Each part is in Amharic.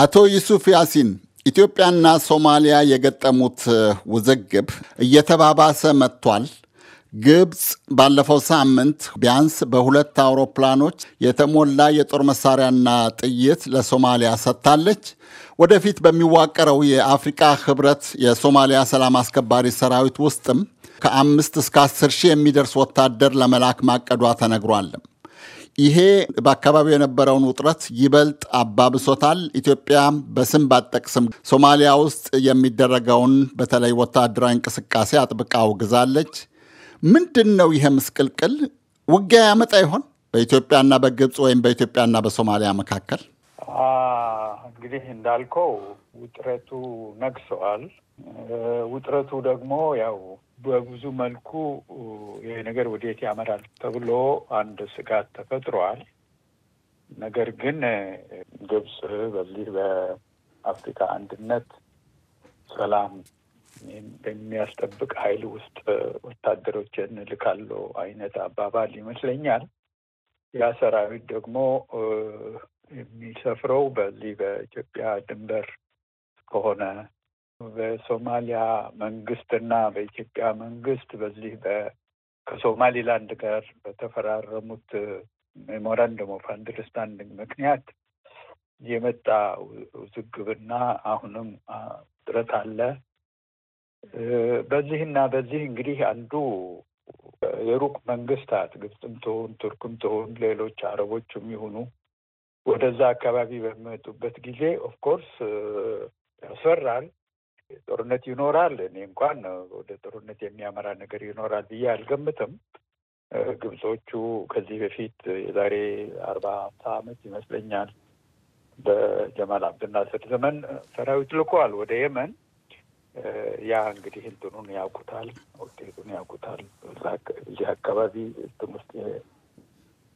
አቶ ዩሱፍ ያሲን ኢትዮጵያና ሶማሊያ የገጠሙት ውዝግብ እየተባባሰ መጥቷል። ግብፅ ባለፈው ሳምንት ቢያንስ በሁለት አውሮፕላኖች የተሞላ የጦር መሳሪያና ጥይት ለሶማሊያ ሰጥታለች። ወደፊት በሚዋቀረው የአፍሪቃ ህብረት የሶማሊያ ሰላም አስከባሪ ሰራዊት ውስጥም ከአምስት እስከ አስር ሺህ የሚደርስ ወታደር ለመላክ ማቀዷ ተነግሯል። ይሄ በአካባቢው የነበረውን ውጥረት ይበልጥ አባብሶታል። ኢትዮጵያ በስም ባጠቅስም ሶማሊያ ውስጥ የሚደረገውን በተለይ ወታደራዊ እንቅስቃሴ አጥብቃ አውግዛለች። ምንድን ነው ይሄ ምስቅልቅል? ውጊያ ያመጣ ይሆን በኢትዮጵያና በግብፅ ወይም በኢትዮጵያና በሶማሊያ መካከል? እንግዲህ እንዳልከው ውጥረቱ ነግሰዋል። ውጥረቱ ደግሞ ያው በብዙ መልኩ ይህ ነገር ወዴት ያመራል ተብሎ አንድ ስጋት ተፈጥሯል። ነገር ግን ግብፅ በዚህ በአፍሪካ አንድነት ሰላም በሚያስጠብቅ ኃይል ውስጥ ወታደሮችን ልካለው አይነት አባባል ይመስለኛል። ያ ሰራዊት ደግሞ የሚሰፍረው በዚህ በኢትዮጵያ ድንበር ከሆነ በሶማሊያ መንግስትና በኢትዮጵያ መንግስት በዚህ ከሶማሊላንድ ጋር በተፈራረሙት ሜሞራንደም ኦፍ አንደርስታንዲንግ ምክንያት የመጣ ውዝግብና አሁንም ጥረት አለ። በዚህና በዚህ እንግዲህ አንዱ የሩቅ መንግስታት ግብፅም ትሆን ቱርክም ትሆን ሌሎች አረቦችም ይሁኑ ወደዛ አካባቢ በሚመጡበት ጊዜ ኦፍኮርስ ያስፈራል። ጦርነት ይኖራል። እኔ እንኳን ወደ ጦርነት የሚያመራ ነገር ይኖራል ብዬ አልገምትም። ግብጾቹ ከዚህ በፊት የዛሬ አርባ ሀምሳ ዓመት ይመስለኛል በጀማል አብድናስር ዘመን ሰራዊት ልኮዋል ወደ የመን። ያ እንግዲህ እንትኑን ያውቁታል፣ ውጤቱን ያውቁታል። እዚህ አካባቢ እንትን ውስጥ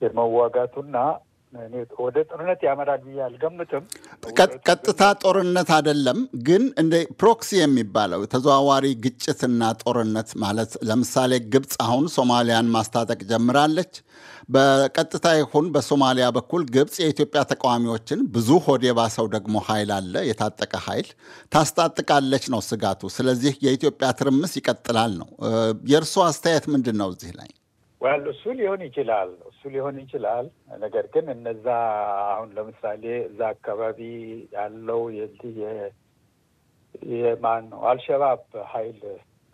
የመዋጋቱና ወደ ጦርነት ያመራል ብዬ አልገምትም። ቀጥታ ጦርነት አይደለም ግን እንደ ፕሮክሲ የሚባለው ተዘዋዋሪ ግጭትና ጦርነት ማለት ለምሳሌ ግብፅ አሁን ሶማሊያን ማስታጠቅ ጀምራለች። በቀጥታ ይሁን በሶማሊያ በኩል ግብፅ የኢትዮጵያ ተቃዋሚዎችን ብዙ ሆድ የባሰው ደግሞ ኃይል አለ፣ የታጠቀ ኃይል ታስታጥቃለች ነው ስጋቱ። ስለዚህ የኢትዮጵያ ትርምስ ይቀጥላል ነው። የእርስዎ አስተያየት ምንድን ነው እዚህ ላይ? እሱ ሊሆን ይችላል እሱ ሊሆን ይችላል። ነገር ግን እነዛ አሁን ለምሳሌ እዛ አካባቢ ያለው የዚህ የማን ነው አልሸባብ ሀይል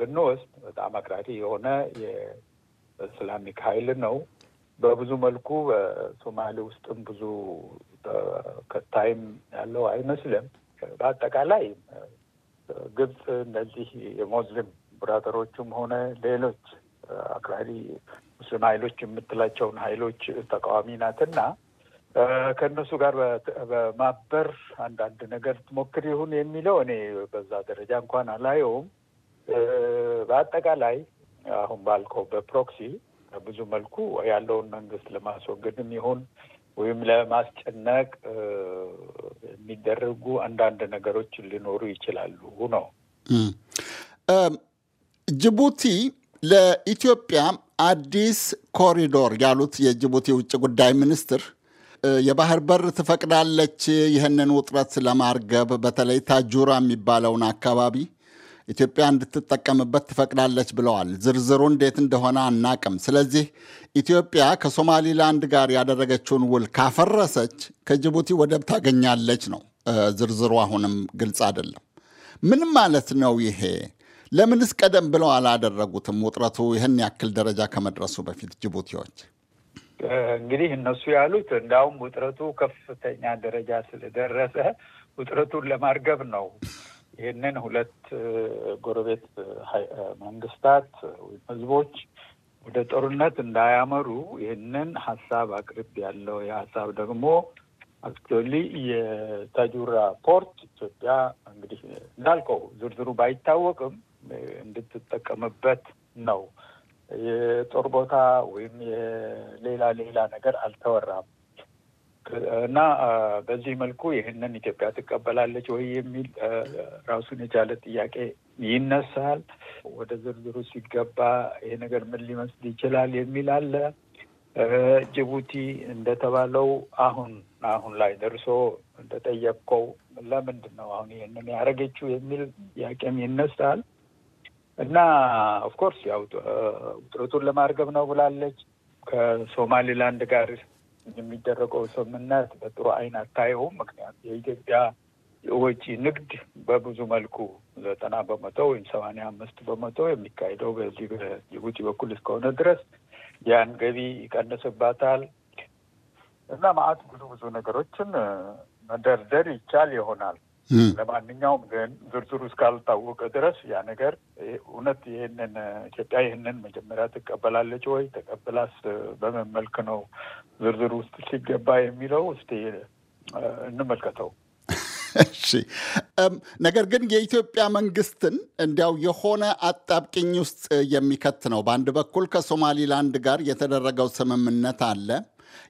ብንወስድ በጣም አክራሪ የሆነ የእስላሚክ ሀይል ነው። በብዙ መልኩ በሶማሌ ውስጥም ብዙ ከታይም ያለው አይመስልም። በአጠቃላይ ግብፅ እነዚህ የሞዝሊም ብራተሮቹም ሆነ ሌሎች አክራሪ ሙስሊም ሀይሎች የምትላቸውን ሀይሎች ተቃዋሚ ናትና ከእነሱ ጋር በማበር አንዳንድ ነገር ትሞክር ይሁን የሚለው እኔ በዛ ደረጃ እንኳን አላየውም። በአጠቃላይ አሁን ባልከው በፕሮክሲ ብዙ መልኩ ያለውን መንግስት ለማስወገድም ይሁን ወይም ለማስጨነቅ የሚደረጉ አንዳንድ ነገሮች ሊኖሩ ይችላሉ ነው ጅቡቲ ለኢትዮጵያ አዲስ ኮሪዶር ያሉት የጅቡቲ ውጭ ጉዳይ ሚኒስትር የባህር በር ትፈቅዳለች፣ ይህንን ውጥረት ለማርገብ በተለይ ታጁራ የሚባለውን አካባቢ ኢትዮጵያ እንድትጠቀምበት ትፈቅዳለች ብለዋል። ዝርዝሩ እንዴት እንደሆነ አናቅም። ስለዚህ ኢትዮጵያ ከሶማሊላንድ ጋር ያደረገችውን ውል ካፈረሰች ከጅቡቲ ወደብ ታገኛለች ነው። ዝርዝሩ አሁንም ግልጽ አይደለም። ምን ማለት ነው ይሄ? ለምንስ ቀደም ብለው አላደረጉትም? ውጥረቱ ይህን ያክል ደረጃ ከመድረሱ በፊት ጅቡቲዎች እንግዲህ እነሱ ያሉት እንዳውም ውጥረቱ ከፍተኛ ደረጃ ስለደረሰ ውጥረቱን ለማርገብ ነው ይህንን ሁለት ጎረቤት መንግስታት ወይም ህዝቦች ወደ ጦርነት እንዳያመሩ ይህንን ሀሳብ አቅርብ ያለው የሀሳብ ደግሞ አክቹዋሊ የታጁራ ፖርት ኢትዮጵያ እንግዲህ እንዳልከው ዝርዝሩ ባይታወቅም እንድትጠቀምበት ነው። የጦር ቦታ ወይም የሌላ ሌላ ነገር አልተወራም እና በዚህ መልኩ ይህንን ኢትዮጵያ ትቀበላለች ወይ የሚል ራሱን የቻለ ጥያቄ ይነሳል። ወደ ዝርዝሩ ሲገባ ይሄ ነገር ምን ሊመስል ይችላል የሚል አለ። ጅቡቲ እንደተባለው አሁን አሁን ላይ ደርሶ እንደጠየቅከው ለምንድን ነው አሁን ይህንን ያደረገችው የሚል ጥያቄም ይነሳል። እና ኦፍኮርስ ያው ውጥረቱን ለማርገብ ነው ብላለች። ከሶማሌላንድ ጋር የሚደረገው ስምምነት በጥሩ አይን አታየውም። ምክንያቱ የኢትዮጵያ የወጪ ንግድ በብዙ መልኩ ዘጠና በመቶ ወይም ሰማንያ አምስት በመቶ የሚካሄደው በዚህ በጅቡቲ በኩል እስከሆነ ድረስ ያን ገቢ ይቀንስባታል እና ማአት ብዙ ብዙ ነገሮችን መደርደር ይቻል ይሆናል። ለማንኛውም ግን ዝርዝሩ እስካልታወቀ ድረስ ያ ነገር እውነት ይህንን ኢትዮጵያ ይህንን መጀመሪያ ትቀበላለች ወይ ተቀብላስ በምን መልክ ነው ዝርዝሩ ውስጥ ሲገባ የሚለው እስቲ እንመልከተው። እሺ ነገር ግን የኢትዮጵያ መንግስትን እንዲያው የሆነ አጣብቂኝ ውስጥ የሚከት ነው። በአንድ በኩል ከሶማሊላንድ ጋር የተደረገው ስምምነት አለ።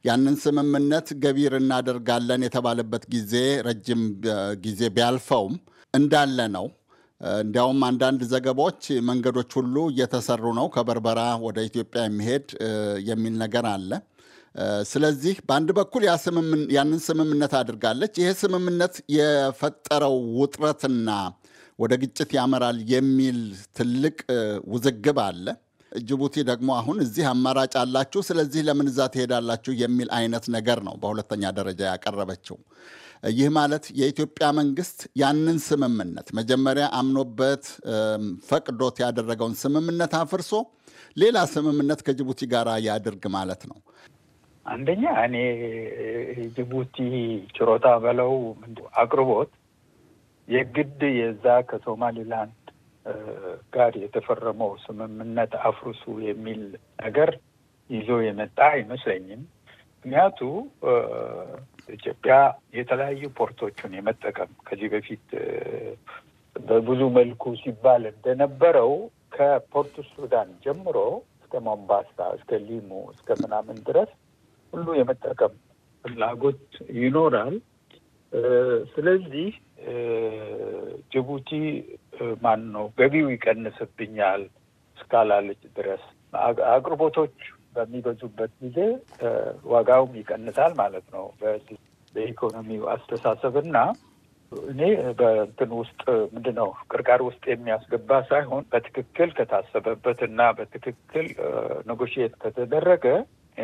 ያንን ስምምነት ገቢር እናደርጋለን የተባለበት ጊዜ ረጅም ጊዜ ቢያልፈውም እንዳለ ነው። እንዲያውም አንዳንድ ዘገባዎች መንገዶች ሁሉ እየተሰሩ ነው ከበርበራ ወደ ኢትዮጵያ የሚሄድ የሚል ነገር አለ። ስለዚህ በአንድ በኩል ያንን ስምምነት አድርጋለች። ይሄ ስምምነት የፈጠረው ውጥረትና ወደ ግጭት ያመራል የሚል ትልቅ ውዝግብ አለ። ጅቡቲ ደግሞ አሁን እዚህ አማራጭ አላችሁ፣ ስለዚህ ለምን እዛ ትሄዳላችሁ የሚል አይነት ነገር ነው በሁለተኛ ደረጃ ያቀረበችው። ይህ ማለት የኢትዮጵያ መንግስት ያንን ስምምነት መጀመሪያ አምኖበት ፈቅዶት ያደረገውን ስምምነት አፍርሶ ሌላ ስምምነት ከጅቡቲ ጋር ያድርግ ማለት ነው። አንደኛ እኔ ጅቡቲ ችሮታ በለው አቅርቦት የግድ የዛ ከሶማሊላንድ ጋር የተፈረመው ስምምነት አፍርሱ የሚል ነገር ይዞ የመጣ አይመስለኝም። ምክንያቱ ኢትዮጵያ የተለያዩ ፖርቶቹን የመጠቀም ከዚህ በፊት በብዙ መልኩ ሲባል እንደነበረው ከፖርቱ ሱዳን ጀምሮ እስከ ሞምባሳ፣ እስከ ሊሙ፣ እስከ ምናምን ድረስ ሁሉ የመጠቀም ፍላጎት ይኖራል። ስለዚህ ጅቡቲ ማን ነው ገቢው ይቀንስብኛል እስካላለች ድረስ አቅርቦቶች በሚበዙበት ጊዜ ዋጋውም ይቀንሳል ማለት ነው። በኢኮኖሚው አስተሳሰብ እና እኔ በእንትን ውስጥ ምንድነው ቅርቃር ውስጥ የሚያስገባ ሳይሆን በትክክል ከታሰበበት እና በትክክል ኔጎሽየት ከተደረገ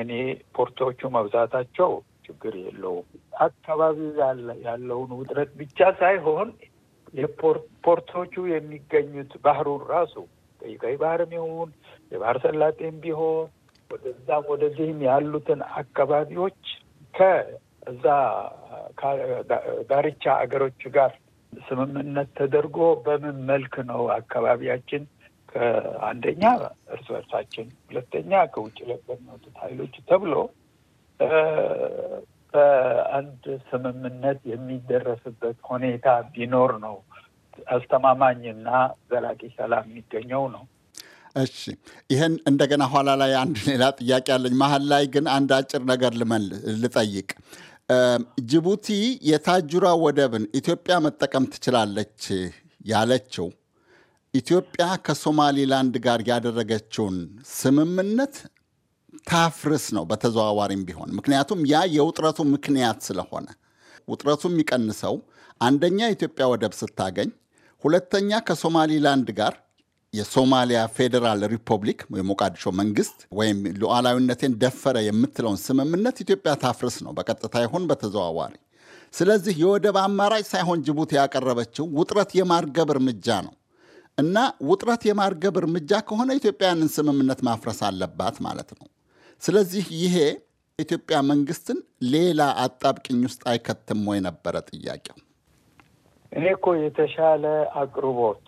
እኔ ፖርቶቹ መብዛታቸው ችግር የለውም። አካባቢው ያለውን ውጥረት ብቻ ሳይሆን የፖርቶቹ የሚገኙት ባህሩን ራሱ ቀይ ባህርም ይሁን የባህር ሰላጤም ቢሆን ወደዛም ወደዚህም ያሉትን አካባቢዎች ከዛ ዳርቻ አገሮች ጋር ስምምነት ተደርጎ በምን መልክ ነው አካባቢያችን ከአንደኛ እርስ በርሳችን፣ ሁለተኛ ከውጭ ለሚመጡት ኃይሎች ተብሎ በአንድ ስምምነት የሚደረስበት ሁኔታ ቢኖር ነው አስተማማኝና ዘላቂ ሰላም የሚገኘው ነው። እሺ፣ ይህን እንደገና ኋላ ላይ አንድ ሌላ ጥያቄ አለኝ። መሀል ላይ ግን አንድ አጭር ነገር ልመል ልጠይቅ። ጅቡቲ የታጁራ ወደብን ኢትዮጵያ መጠቀም ትችላለች ያለችው ኢትዮጵያ ከሶማሊላንድ ጋር ያደረገችውን ስምምነት ታፍርስ ነው በተዘዋዋሪም ቢሆን ምክንያቱም ያ የውጥረቱ ምክንያት ስለሆነ ውጥረቱ የሚቀንሰው አንደኛ ኢትዮጵያ ወደብ ስታገኝ፣ ሁለተኛ ከሶማሊላንድ ጋር የሶማሊያ ፌዴራል ሪፐብሊክ የሞቃዲሾ መንግስት ወይም ሉዓላዊነቴን ደፈረ የምትለውን ስምምነት ኢትዮጵያ ታፍርስ ነው በቀጥታ ይሁን በተዘዋዋሪ። ስለዚህ የወደብ አማራጭ ሳይሆን ጅቡቲ ያቀረበችው ውጥረት የማርገብ እርምጃ ነው እና ውጥረት የማርገብ እርምጃ ከሆነ ኢትዮጵያውያንን ስምምነት ማፍረስ አለባት ማለት ነው። ስለዚህ ይሄ ኢትዮጵያ መንግስትን ሌላ አጣብቅኝ ውስጥ አይከትም ወይ ነበረ ጥያቄው። እኔ እኮ የተሻለ አቅርቦት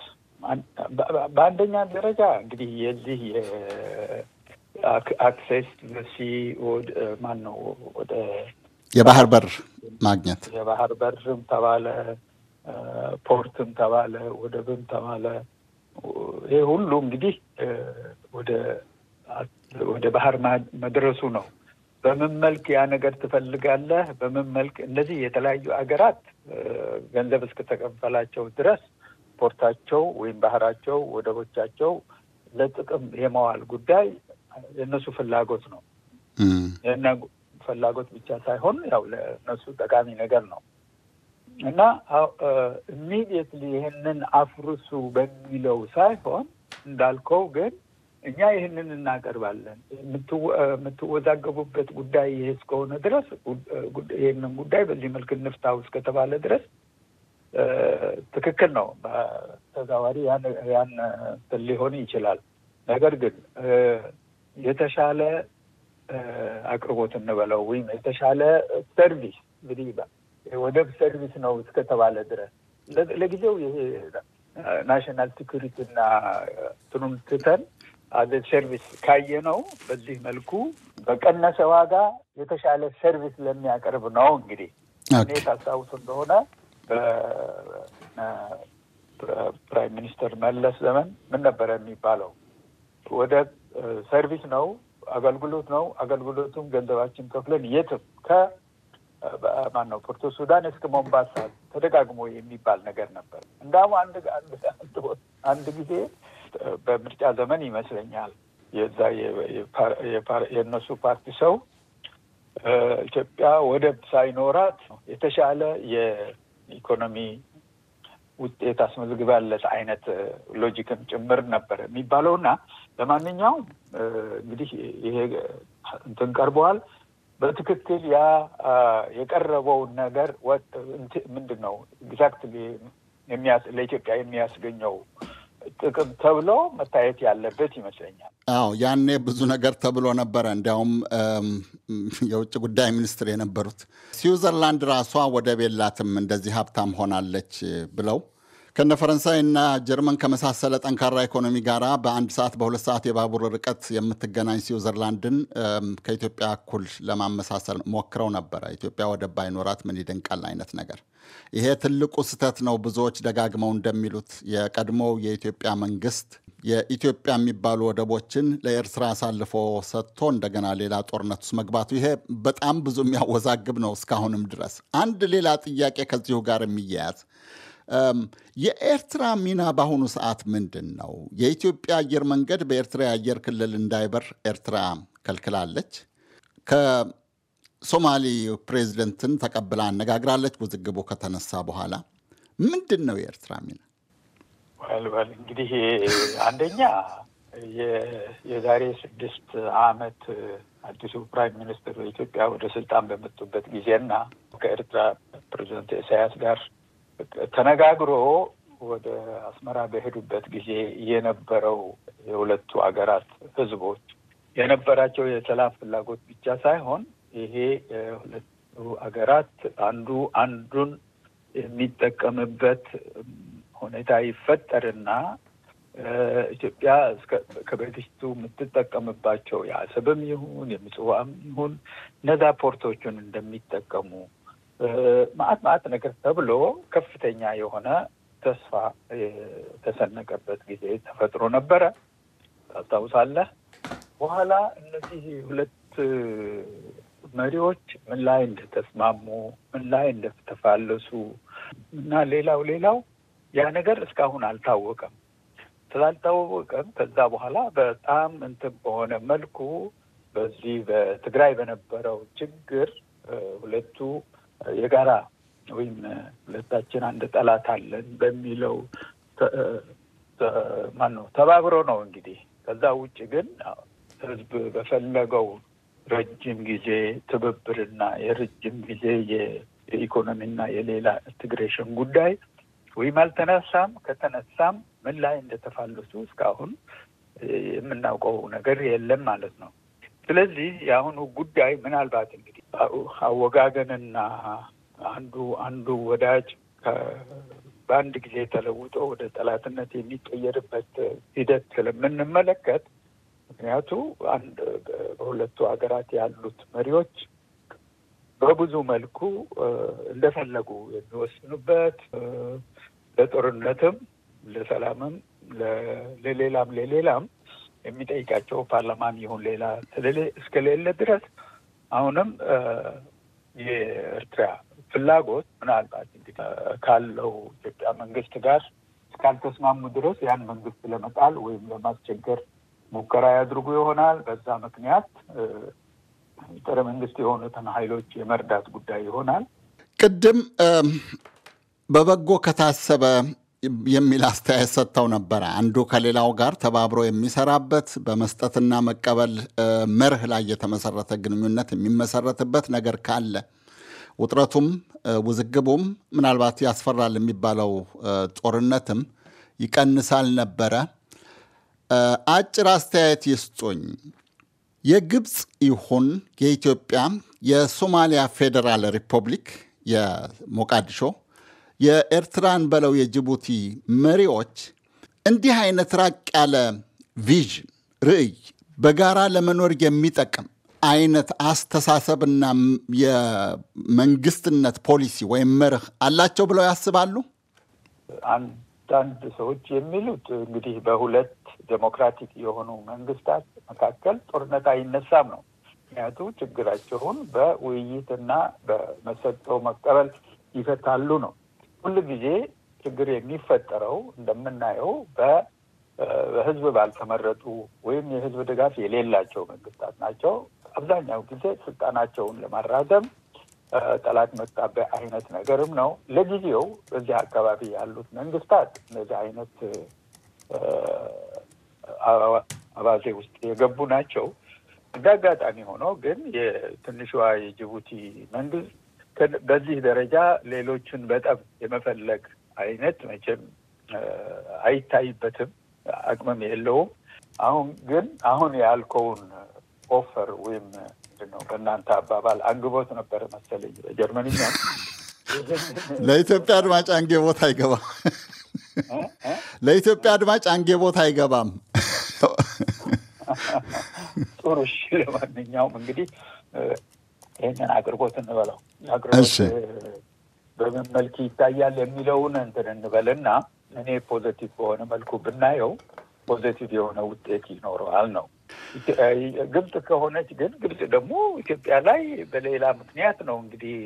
በአንደኛ ደረጃ እንግዲህ የዚህ አክሴስ ሲ ማን ነው ወደ የባህር በር ማግኘት የባህር በርም ተባለ ፖርትም ተባለ ወደብም ተባለ ይሄ ሁሉ እንግዲህ ወደ ወደ ባህር መድረሱ ነው። በምን መልክ ያ ነገር ትፈልጋለህ? በምን መልክ እነዚህ የተለያዩ አገራት ገንዘብ እስከተከፈላቸው ድረስ ፖርታቸው ወይም ባህራቸው፣ ወደቦቻቸው ለጥቅም የመዋል ጉዳይ የእነሱ ፍላጎት ነው። ፍላጎት ብቻ ሳይሆን ያው ለእነሱ ጠቃሚ ነገር ነው እና ኢሚዲየትሊ ይህንን አፍርሱ በሚለው ሳይሆን እንዳልከው ግን እኛ ይህንን እናቀርባለን። የምትወዛገቡበት ጉዳይ ይህ እስከሆነ ድረስ ይህንን ጉዳይ በዚህ መልክ እንፍታው እስከተባለ ድረስ ትክክል ነው። ተዛዋሪ ያን ሊሆን ይችላል። ነገር ግን የተሻለ አቅርቦት እንበለው ወይም የተሻለ ሰርቪስ እንግዲህ ወደብ ሰርቪስ ነው እስከተባለ ድረስ ለጊዜው ይሄ ናሽናል ሴኩሪቲ እና ትኑን ትተን አዘ ሰርቪስ ካየ ነው። በዚህ መልኩ በቀነሰ ዋጋ የተሻለ ሰርቪስ ለሚያቀርብ ነው። እንግዲህ እኔ ታስታውሱ እንደሆነ በፕራይም ሚኒስተር መለስ ዘመን ምን ነበረ የሚባለው? ወደ ሰርቪስ ነው አገልግሎት ነው። አገልግሎቱም ገንዘባችን ከፍለን የትም ከማን ነው ፖርቶ ሱዳን እስከ ሞምባሳ ተደጋግሞ የሚባል ነገር ነበር። እንዳውም አንድ አንድ ጊዜ በምርጫ ዘመን ይመስለኛል የዛ የእነሱ ፓርቲ ሰው ኢትዮጵያ ወደብ ሳይኖራት የተሻለ የኢኮኖሚ ውጤት አስመዝግባለት አይነት ሎጂክም ጭምር ነበር የሚባለው እና ለማንኛውም እንግዲህ ይሄ እንትን ቀርበዋል። በትክክል ያ የቀረበውን ነገር ምንድን ነው ግዛክት ለኢትዮጵያ የሚያስገኘው ጥቅም ተብሎ መታየት ያለበት ይመስለኛል። አዎ ያኔ ብዙ ነገር ተብሎ ነበረ። እንዲያውም የውጭ ጉዳይ ሚኒስትር የነበሩት ስዊዘርላንድ ራሷ ወደብ የላትም እንደዚህ ሀብታም ሆናለች ብለው ከነ ፈረንሳይና ጀርመን ከመሳሰለ ጠንካራ ኢኮኖሚ ጋር በአንድ ሰዓት በሁለት ሰዓት የባቡር ርቀት የምትገናኝ ስዊዘርላንድን ከኢትዮጵያ እኩል ለማመሳሰል ሞክረው ነበረ። ኢትዮጵያ ወደብ ባይኖራት ምን ይደንቃል አይነት ነገር። ይሄ ትልቁ ስህተት ነው። ብዙዎች ደጋግመው እንደሚሉት የቀድሞው የኢትዮጵያ መንግስት የኢትዮጵያ የሚባሉ ወደቦችን ለኤርትራ አሳልፎ ሰጥቶ እንደገና ሌላ ጦርነት ውስጥ መግባቱ ይሄ በጣም ብዙ የሚያወዛግብ ነው እስካሁንም ድረስ። አንድ ሌላ ጥያቄ ከዚሁ ጋር የሚያያዝ የኤርትራ ሚና በአሁኑ ሰዓት ምንድን ነው? የኢትዮጵያ አየር መንገድ በኤርትራ የአየር ክልል እንዳይበር ኤርትራ ከልክላለች። ከሶማሌ ፕሬዚደንትን ተቀብላ አነጋግራለች። ውዝግቡ ከተነሳ በኋላ ምንድን ነው የኤርትራ ሚና? እንግዲህ አንደኛ የዛሬ ስድስት ዓመት አዲሱ ፕራይም ሚኒስትር ኢትዮጵያ ወደ ስልጣን በመጡበት ጊዜና ከኤርትራ ፕሬዚደንት ኢሳያስ ጋር ተነጋግሮ ወደ አስመራ በሄዱበት ጊዜ የነበረው የሁለቱ ሀገራት ህዝቦች የነበራቸው የሰላም ፍላጎት ብቻ ሳይሆን ይሄ የሁለቱ ሀገራት አንዱ አንዱን የሚጠቀምበት ሁኔታ ይፈጠርና ኢትዮጵያ ከበፊቱ የምትጠቀምባቸው የአሰብም ይሁን የምጽዋም ይሁን እነዛ ፖርቶቹን እንደሚጠቀሙ ማአት ማአት ነገር ተብሎ ከፍተኛ የሆነ ተስፋ የተሰነቀበት ጊዜ ተፈጥሮ ነበረ። ታስታውሳለህ። በኋላ እነዚህ ሁለት መሪዎች ምን ላይ እንደተስማሙ፣ ምን ላይ እንደተፋለሱ እና ሌላው ሌላው ያ ነገር እስካሁን አልታወቀም። ስላልታወቀም ከዛ በኋላ በጣም እንትን በሆነ መልኩ በዚህ በትግራይ በነበረው ችግር ሁለቱ የጋራ ወይም ሁለታችን አንድ ጠላት አለን በሚለው ማን ነው ተባብሮ ነው እንግዲህ። ከዛ ውጭ ግን ህዝብ በፈለገው ረጅም ጊዜ ትብብርና የረጅም ጊዜ የኢኮኖሚና የሌላ ኢንትግሬሽን ጉዳይ ወይም አልተነሳም። ከተነሳም ምን ላይ እንደተፋለሱ እስካሁን የምናውቀው ነገር የለም ማለት ነው። ስለዚህ የአሁኑ ጉዳይ ምናልባት እንግዲህ አወጋገንና አንዱ አንዱ ወዳጅ በአንድ ጊዜ ተለውጦ ወደ ጠላትነት የሚቀየርበት ሂደት ስለምንመለከት ምክንያቱ አንድ በሁለቱ ሀገራት ያሉት መሪዎች በብዙ መልኩ እንደፈለጉ የሚወስኑበት ለጦርነትም፣ ለሰላምም፣ ለሌላም ለሌላም የሚጠይቃቸው ፓርላማም ይሁን ሌላ እስከሌለ ድረስ አሁንም የኤርትራ ፍላጎት ምናልባት እንግዲህ ካለው ኢትዮጵያ መንግስት ጋር እስካልተስማሙ ድረስ ያን መንግስት ለመጣል ወይም ለማስቸገር ሙከራ ያድርጉ ይሆናል። በዛ ምክንያት ጸረ መንግስት የሆኑትን ኃይሎች የመርዳት ጉዳይ ይሆናል። ቅድም በበጎ ከታሰበ የሚል አስተያየት ሰጥተው ነበረ። አንዱ ከሌላው ጋር ተባብሮ የሚሰራበት በመስጠትና መቀበል መርህ ላይ የተመሰረተ ግንኙነት የሚመሰረትበት ነገር ካለ ውጥረቱም ውዝግቡም ምናልባት ያስፈራል የሚባለው ጦርነትም ይቀንሳል ነበረ። አጭር አስተያየት ይስጡኝ። የግብፅ ይሁን የኢትዮጵያ የሶማሊያ ፌዴራል ሪፐብሊክ የሞቃዲሾ የኤርትራን በለው የጅቡቲ መሪዎች እንዲህ አይነት ራቅ ያለ ቪዥን ርዕይ በጋራ ለመኖር የሚጠቅም አይነት አስተሳሰብና የመንግስትነት ፖሊሲ ወይም መርህ አላቸው ብለው ያስባሉ። አንዳንድ ሰዎች የሚሉት እንግዲህ በሁለት ዴሞክራቲክ የሆኑ መንግስታት መካከል ጦርነት አይነሳም ነው። ምክንያቱ ችግራቸውን በውይይትና በመሰጠው መቀበል ይፈታሉ ነው። ሁል ጊዜ ችግር የሚፈጠረው እንደምናየው በህዝብ ባልተመረጡ ወይም የህዝብ ድጋፍ የሌላቸው መንግስታት ናቸው። አብዛኛው ጊዜ ስልጣናቸውን ለማራዘም ጠላት መጣቢያ አይነት ነገርም ነው። ለጊዜው በዚህ አካባቢ ያሉት መንግስታት እነዚህ አይነት አባዜ ውስጥ የገቡ ናቸው። እንደ አጋጣሚ ሆኖ ግን የትንሿ የጅቡቲ መንግስት በዚህ ደረጃ ሌሎችን በጠብ የመፈለግ አይነት መቼም አይታይበትም፣ አቅምም የለውም። አሁን ግን አሁን ያልከውን ኦፈር ወይም ምንድነው በእናንተ አባባል አንግቦት ነበረ መሰለኝ በጀርመንኛ ለኢትዮጵያ አድማጭ አንጌ ቦታ አይገባም። ለኢትዮጵያ አድማጭ አንጌ ቦታ አይገባም። ጥሩ እሺ። ለማንኛውም እንግዲህ ይህንን አቅርቦት እንበለው አቅርቦት በምን መልክ ይታያል የሚለውን እንትን እንበልና እኔ ፖዘቲቭ በሆነ መልኩ ብናየው ፖዘቲቭ የሆነ ውጤት ይኖረዋል ነው። ግብጽ ከሆነች ግን ግብጽ ደግሞ ኢትዮጵያ ላይ በሌላ ምክንያት ነው እንግዲህ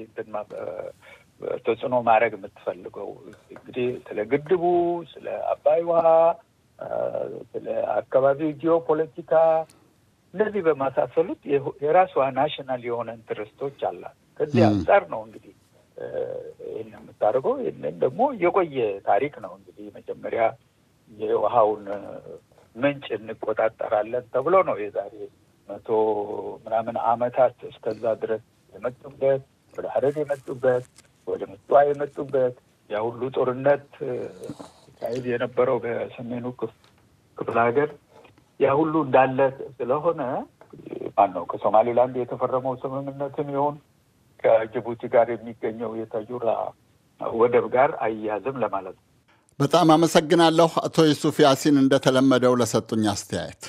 ተጽዕኖ ማድረግ የምትፈልገው እንግዲህ ስለ ግድቡ፣ ስለ አባይ ውሃ፣ ስለ አካባቢ ጂኦፖለቲካ እነዚህ በማሳሰሉት የራሷ ናሽናል የሆነ ኢንትረስቶች አላት። ከዚህ አንጻር ነው እንግዲህ ይህን የምታደርገው። ይህንን ደግሞ የቆየ ታሪክ ነው እንግዲህ መጀመሪያ የውሃውን ምንጭ እንቆጣጠራለን ተብሎ ነው የዛሬ መቶ ምናምን አመታት እስከዛ ድረስ የመጡበት ወደ ሀረር የመጡበት ወደ ምጽዋ የመጡበት ያ ሁሉ ጦርነት ሲካሄድ የነበረው በሰሜኑ ክፍለ ሀገር ያ ሁሉ እንዳለ ስለሆነ ማን ነው ከሶማሌላንድ የተፈረመው ስምምነትም ይሁን ከጅቡቲ ጋር የሚገኘው የተጁራ ወደብ ጋር አያያዝም ለማለት ነው። በጣም አመሰግናለሁ አቶ ዩሱፍ ያሲን እንደተለመደው ለሰጡኝ አስተያየት።